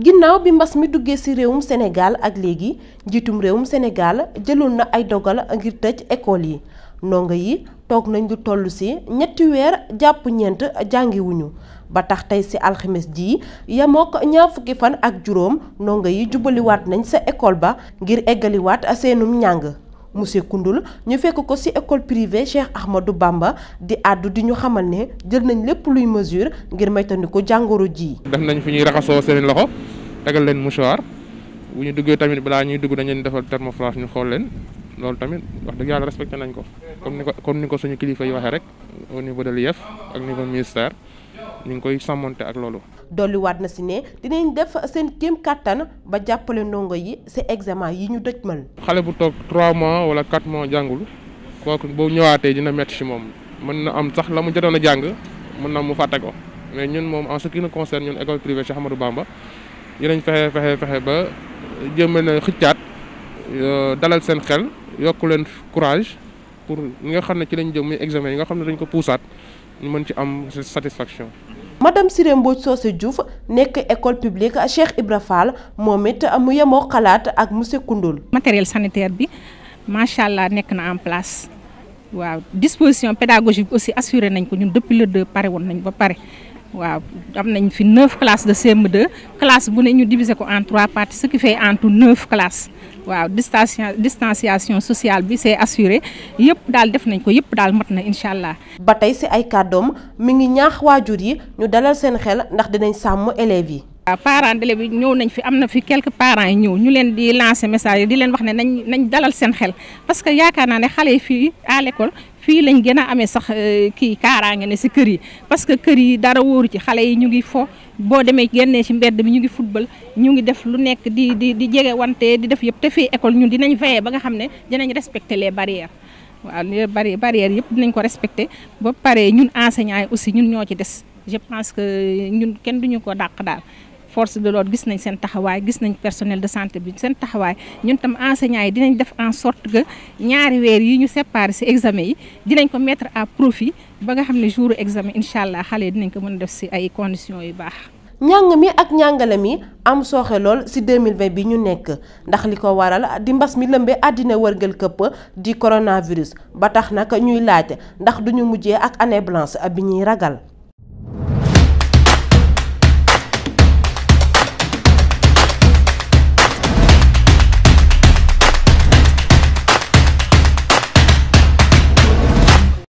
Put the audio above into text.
ginnaaw bi mbas mi duggee ci réewum Sénégal ak léegi njiitum réewum Sénégal jëloon na ay dogal ngir tëj école yi ndongo yi toog nañ lu toll ci ñetti weer jàpp ñeent jàngiwuñu ba tax tey ci alxames ji yamook ñaar fukki fan ak juróom ndongo yi jubaliwaat nañ sa école ba ngir eggaliwaat seenum njàng monsieur Koundoul ñu fekk ko ci école privée Cheikh Ahmadou Bamba di àddu di ñu xamal ne jël nañ lépp luy mesure ngir moytandiku jàngoro jii def nañ fi ñuy raxasoo tegal leen mouchoir bu ñu duggee tamit balaa ñuy dugg dañ leen defal thermoflash ñu xool leen loolu tamit wax dëgg yàlla respecté nañ ko comme ni ko comme ni ko suñu kilifa yi waxee rek au niveau de l'IEF ak niveau ministère ñu ngi koy sàmmonte ak loolu. dolliwaat na si ne dinañ def seen kéem kattan ba jàppale ndongo yi si examen yi ñu dëjmal. xale bu toog 3 mois wala 4 mois jàngul kooku boo ñëwaatee dina métti si moom mën na am sax la mu jotoon a jàng mën na mu fàtte ko mais ñun moom en ce qui nous concerne ñun école privée Bamba. dinañ fexe fexe fexe ba jéem na xëccaat euh, dalal seen xel yokku leen courage pour ñi nga xam ne ci lañ jëm muy yi nga xam ne dañ ko puusaat ñu mën ci am satisfaction. madame Siré Mbodj Socé Diouf nekk école publique Cheikh Ibra Fall moom it mu yemoo xalaat ak mu Koundoul. matériel sanitaire bi macha allah nekk na en place waaw disposition pédagogique aussi assuré nañ ko ñun dëpp le pare woon nañ ba pare. waaw am nañ fi neuf classes de CM2 classe bu ne ñu diviser ko en trois parties ce qui fait en tout neuf classes waaw distanciation distanciation sociale bi c'est assuré yëpp daal def nañ ko yëpp daal mat na incha allah. ba tey si ay kàddoom mi ngi ñaax waajur yi ñu dalal seen xel ndax dinañ sàmm élèves yi. Euh, parents d'élèves bi ñëw nañ fi am na fi quelques parents yi ñëw ñu leen di lancer message di leen wax ne nañ nañ dalal seen xel parce que yaakaar naa ne xale yi fii à l'école fii lañ gën a amee sax euh, kii kaaraange ne si kër yi parce que kër yi dara wóoru ci xale yi ñu ngi fo boo demee génnee ci mbedd bi ñu ngi football ñu ngi def lu nekk di di di jege wante di def yëpp te fii école ñun dinañ veiller ba nga xam ne dinañ respecter les barrières waaw les barri barrières yëpp dinañ ko respecter ba pare ñun enseignants yi aussi ñun ñoo ci des je pense que euh, ñun kenn duñu ko dàq daal force de l'ordre gis nañ seen taxawaay gis nañ personnel de santé bi seen taxawaay ñun tam enseignants yi dinañ def en sorte que ñaari weer yi ñu séparé si examen yi dinañ ko mettre à profit ba nga xam ne jour examen incha allah xale yi dinañ ko mën a def si ay conditions yu baax. njàng mi ak njàngale mi am sooxe lool ci 2020 bi ñu nekk ndax li ko waral di mbas mi lëmbee àddina wërgal këpp di coronavirus ba tax nag ñuy laajte ndax duñu mujjee ak année blanche bi ñuy ragal.